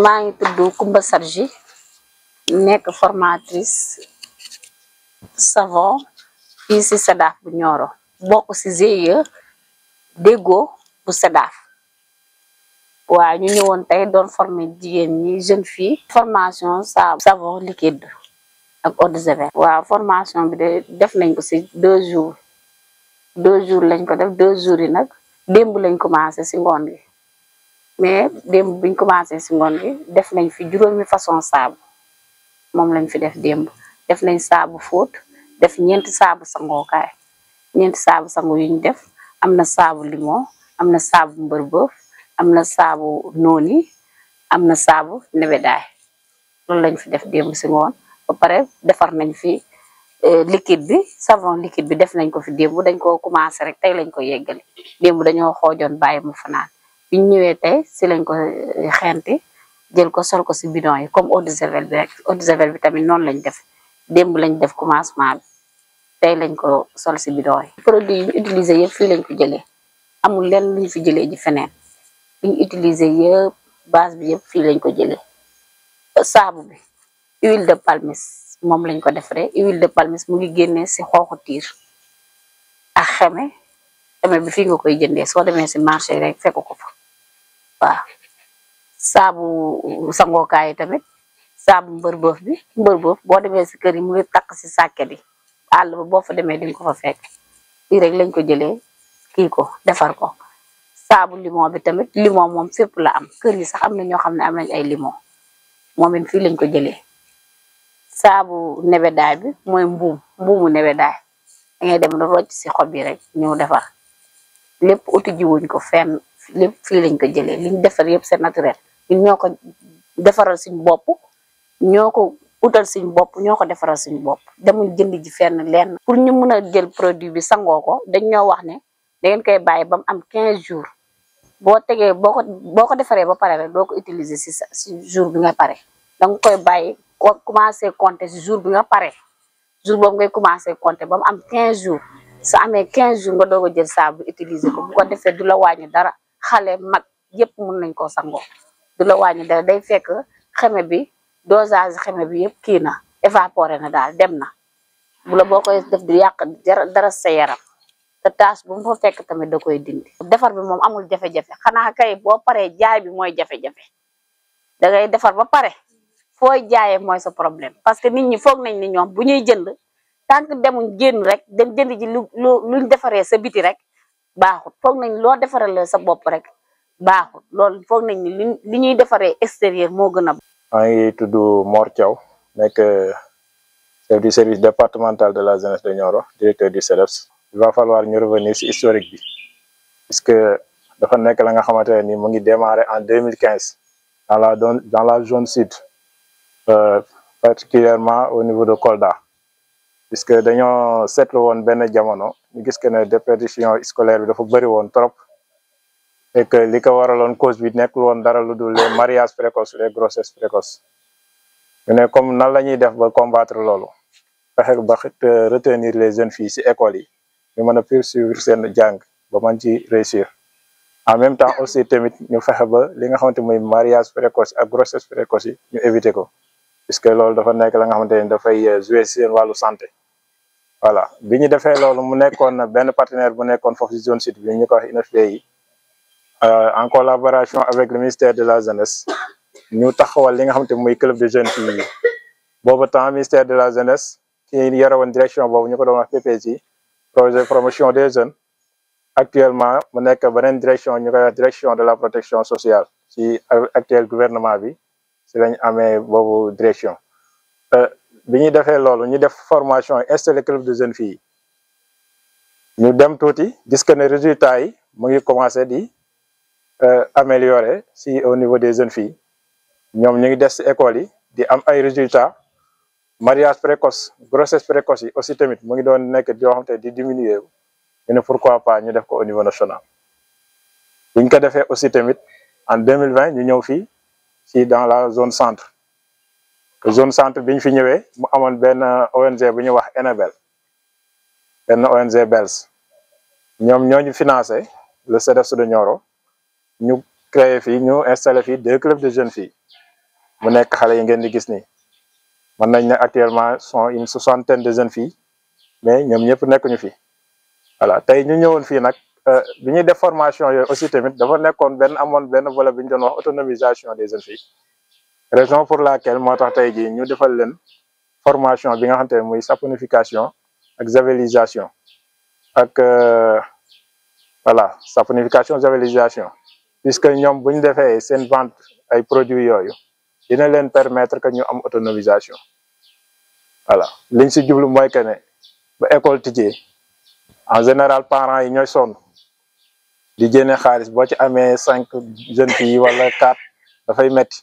maa ngi tudd Kumba Sarji nekk formatrice savon fii si é bu Nioro bokk si GIE déggoo bu SEDAF waaw ñu ñëwoon tey doon former jigéen ñi jeune fille formation sa savon a ak de javel waaw formation de def nañ ko si deux jours deux jours lañ ko def deux jours yi nag démb lañ commencé mais démb biñ commencé si ngoon bi def nañ fi juróomi façon saabu moom lañ fi def démb def nañ saabu fóot def ñeenti saabu sangookaay ñeenti saabu sangu yuñ def am na saabu limon am na saabu mbërbëf am na saabu nooni am na saabu nebedaay loolu lañ fi def démb si ngoon ba pare defar nañ fi eh, liquide bi savon liquide bi def nañ ko fi démb dañ ko commencé rek tey lañ ko yeggali démb dañoo xoojoon bàyyi mu fanaan bi ñu ñëwee tey si lañ ko eh, xeenti jël ko sol ko si bidon yi comme eau de javel bi rek eau de javel bi tamit noonu lañ def démb lañ def commencement bi tey lañ ko sol si bidon yi. produit yi ñu utiliser yëpp fi lañ ko jëlee amul lenn lu ñu fi jëlee ji feneen li utiliser yëpp base bi yëpp fii lañ ko jëlee saabu bi huile de palmis moom lañ ko defaree huile de palmis mu ngi génnee si xooxu tiir ak xeme xeme bi fii nga koy jëndee soo demee si marché rek fekk waaw saabu sangookaay yi tamit saabu mbër bi mbër boof boo demee si kër yi mu ngi takk si sàkket yi àll ba boo fa demee di ko fa fekk fii rek lañ ko jëlee kii ko defar ko saabu limon bi tamit limon moom fépp la am kër yi sax am na ñoo xam ne am nañ ay limon moom it fii lañ ko jëlee saabu nebedaay bi mooy mbuum mbuumu nebedaay da ngay dem rocc si xob yi rek ñëw defar lépp uti jiwuñ ko fenn lépp fii lañ ko jëlee liñ defar yëpp c'est naturel ñun ñoo ko defaral suñ bopp ñoo ko utal suñ bopp ñoo ko defaral suñ bopp demul jënd ji fenn lenn. pour ñu mën a jël produit bi sangoo ko dañ ñoo wax ne da ngeen koy bàyyi ba mu am 15 jours boo tegee boo ko boo ko defaree ba pare rek doo ko utiliser si sa jour bi nga pare da nga koy bàyyi commencé compter si jour bi nga pare jour boobu ngay commencé compter ba mu am 15 jours. su amee jours nga doog a jël saabu utiliser ko bu ko defee du la wàññi dara xale mag yépp mun nañ koo sangoo du la wàññi dara day fekk xeme bi dosage xeme bi yépp kii na évaporé na daal dem na bu boo koy def di yàq dara sa yaram te taas bu mu fa fekk tamit da koy dindi defar bi moom amul jafe-jafe xanaa kay boo paree jaay bi mooy jafe-jafe da defar ba pare foo jaayee mooy sa problème parce que nit ñi foog nañ ni ñoom bu ñuy jënd tant que demuñ génn rek dem jënd ji lu lu lu defaree sa biti rek baaxut faut nañ loo defaral sa bopp rek baaxut loolu foog nañ ni li ñuy defaree extérieur moo gën a. maa ngi tudd euh, chef du service départemental de la jeunesse de Nyoro, directeur du CEDEPS. il va falloir ñu revenir sur historique bi puisque dafa nekk la nga xamante ni ngi démarré en 2015 dans la dans la zone sud euh, particulièrement au niveau de Kolda. puisque dañoo seetlu woon benn jamono ñu gis que ne déperdition scolaire bi dafa bëri woon trop et que li ko waraloon cause bi nekkul woon dara lu dul les mariages précoces les grossesses précoces ne comme nan la ñuy def ba combattre loolu fexe ba retenir les jeunes filles si école yi ñu mën a poursuivre seen jàng ba mën ci réussir en même temps aussi tamit ñu fexe ba li nga xamante muy mariage précoce ak grossesse précoce yi ñu éviter ko parce que loolu dafa nekk la nga xamante ne dafay jouer wàllu santé voilà bi ñu defee loolu mu nekkoon benn partenaire bu nekkoon foofu si zone sud bi ñu ko wax euh, en collaboration avec le ministère de la jeunesse ñu taxawal li nga xam te muy club de jeunes filles boobu temps ministère de la jeunesse ki yore direction boobu ñu ko doon wax PPJ projet promotion des jeunes actuellement mu nekk beneen direction ñu koy wax direction de la protection sociale ci actuel gouvernement bi si lañ amee boobu direction euh, biñu ñuy lolu formations. ñu def formation installé club de jeunes filles ñu dem tout gis que résultats. résultat yi mu ngi commencé di euh, améliorer si au niveau des jeunes filles Nous avons ngi des école yi di am ay résultats mariage précoce grossesse précoce aussi tamit mu ngi doon nek yoo xam di pourquoi pas ñu def ko au niveau national Nous avons fait aussi tamit en 2020 ñu ñëw fi dans la zone centre zone centre biñ fi ñëwé mu amone ben ONG bu ñu wax Enabel ben ONG Bells ñom ñoo ñu financer le CDF de Nioro ñu créé fi ñu installé fi deux clubs de jeunes filles mu nekk xalé yi ngeen di gis ni man nañ ne actuellement sont une soixantaine de jeunes filles mais ñoom ñëpp ñu fi voilà tay ñu ñëwoon fi nak euh, bi ñuy def formation aussi tamit dafa nekkoon ben amone ben volet bi ñu doon wax autonomisation des jeunes filles raison pour laquelle moi tax tey jii ñu défal leen formation bi nga xanté te muy saponification ak javelisation ak euh, voilà saponification javelisation puisque ñom buñ défé sen vente ay produits yoyu dina leen permettre que ñu am autonomisation voilà liñ ci djublu moy que ne ba école tijjee en général parents yi ñoy son di génne xaaliss bo ci amé cinq jeunes filles wala da fay metti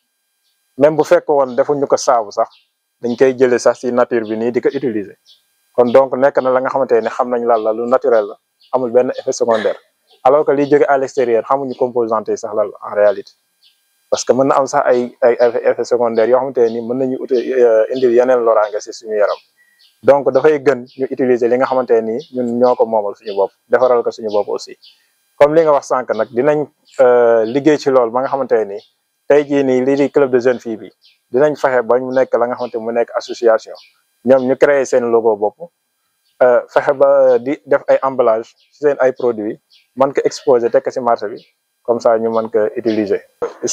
même bu fekk defuñu ko saabu sax dañ koy jëlee sax ci nature bi ni di ko utiliser kon donc nek na la nga xamante ne xam nañ la lu naturel la amul ben effet secondaire alors que li jóge à l'extérieur xamuñu composanté sax la en réalité parce que mën na am sax ay ay effet secondaire yo xamante ni mën nañu uti euh, indil yeneen loraange ci suñu yaram donc da fay gën ñu utiliser li nga xamante ni ñun ñoko momal suñu bop defaral ko suñu bop aussi comme li nga wax sank nak dinañ euh liggéey ci lool ba nga xamante ni tey jii nii lii di club de jeunes fii bi dinañ fexe ba mu nekk la nga xamante mu nekk association ñoom ñu créer seen logo bopp euh, fexe ba di def ay emballage ci seen ay produits mën ko exposer teg ko ci marché bi comme ça ñu mën ko utiliser.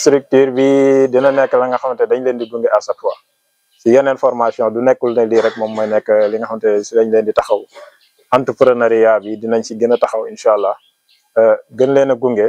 structure bi dina nekk la nga xamante dañ leen di gunge à chaque fois ci yeneen formation du nekkul ne lii rek moom mooy nekk li nga xamante ci dañ leen di taxaw entrepreneuriat bi dinañ si gën a taxaw incha allah euh, gën leen a gunge.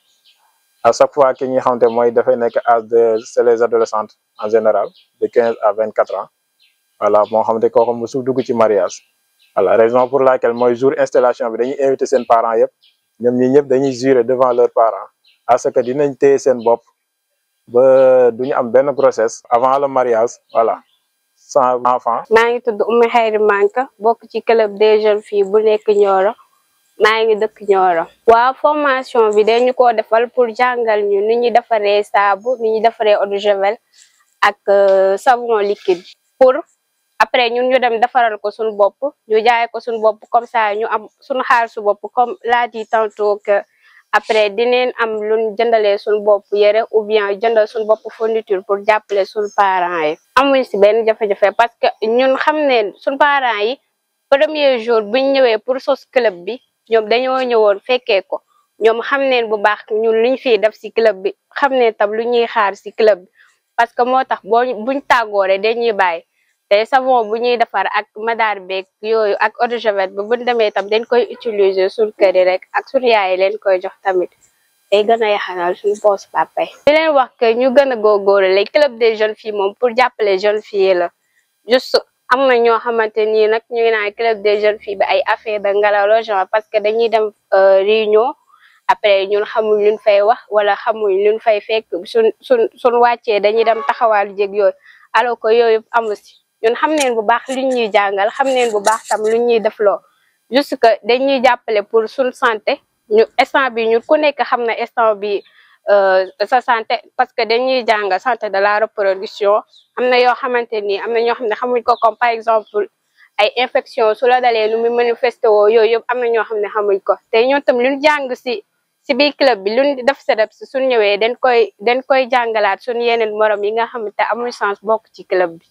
à chaque fois que nous avons moi, dafay de c'est les adolescentes en général de 15 à 24 ans voilà moo xamante kooku mosul dugg ci mariage voilà raison pour laquelle mooy jour installation bi dañuy invité seen parents yëpp nous ñi ñëpp dañuy devant leurs parents à ce que dinañ téye un bopp ba duñu am benn process avant le mariage voilà sans enfant maa ngi tudd Oumy Khayri Manka bokk ci club des jeunes filles bu nekk Nioro maa ngi dëkk Nioro waaw formation bi ñu ko defal pour jàngal ñu ni ñuy defaree saabu ni ñuy defaree eau de javel ak euh, savon liquide pour après ñu ñu dem defaral ko suñu bopp ñu jaay ko suñu bopp comme ça ñu am suñu xaalisu bopp comme laa dit tantôt que après dineen am luñ jëndalee suñu bopp yere ou bien jëndal suñu bopp fourniture pour jàppale suñu parents yi amuñ si benn jafe-jafe parce que ñun xam ne suñu parents yi premier jour buñ ñëwee pour sos club bi ñoom dañoo ñëwoon fekkee ko ñoom xam neen bu baax ñun luñ fiy def si club bi xam ne tam lu ñuy xaar si club bi parce que moo tax boo buñ tàggoore dañuy bàyyi te savon bu ñuy defar ak madaar beeg yooyu ak eau de javel bi buñ demee tam dañ koy utiliser suñ kër yi rek ak suñ yaay leen koy jox tamit day gën a yaxanal suñ poos papay di leen wax que ñu gën a góorgóorlu club des jeunes filles moom pour jàppale jeunes filles la juste am na ñoo xamante ni nag ñu ngi naan club des jeunes filles bi ay affaire da ngelaw la genre parce que dañuy dem euh, réunion après ñun xamuñ luñ fay wax wala xamuñ luñ fay fekk suñ suñ suñ wàccee dañuy dem taxawaal jég yooyu alors que yooyu amu si ñun xam neen bu baax luñ ñuy jàngal xam neen bu baax tam luñ ñuy def loo juste que dañuy jàppale pour suñ santé ñu instant bi ñu ku nekk xam na instant bi Euh, sa santé parce que dañuy jàng santé de la reproduction am na yoo xamante ni am na ñoo xam ne xamuñ ko comme par exemple ay infection su la dalee nu muy manifesté woo yooyu yëpp am na ñoo xam ne xamuñ ko te ñoom tam lu ñu jàng si si biir club bi lu ñu def sedeb si suñ ñëwee dañ koy dañ koy jàngalaat su yeneen morom yi nga xamante amuñ chance bokk ci club bi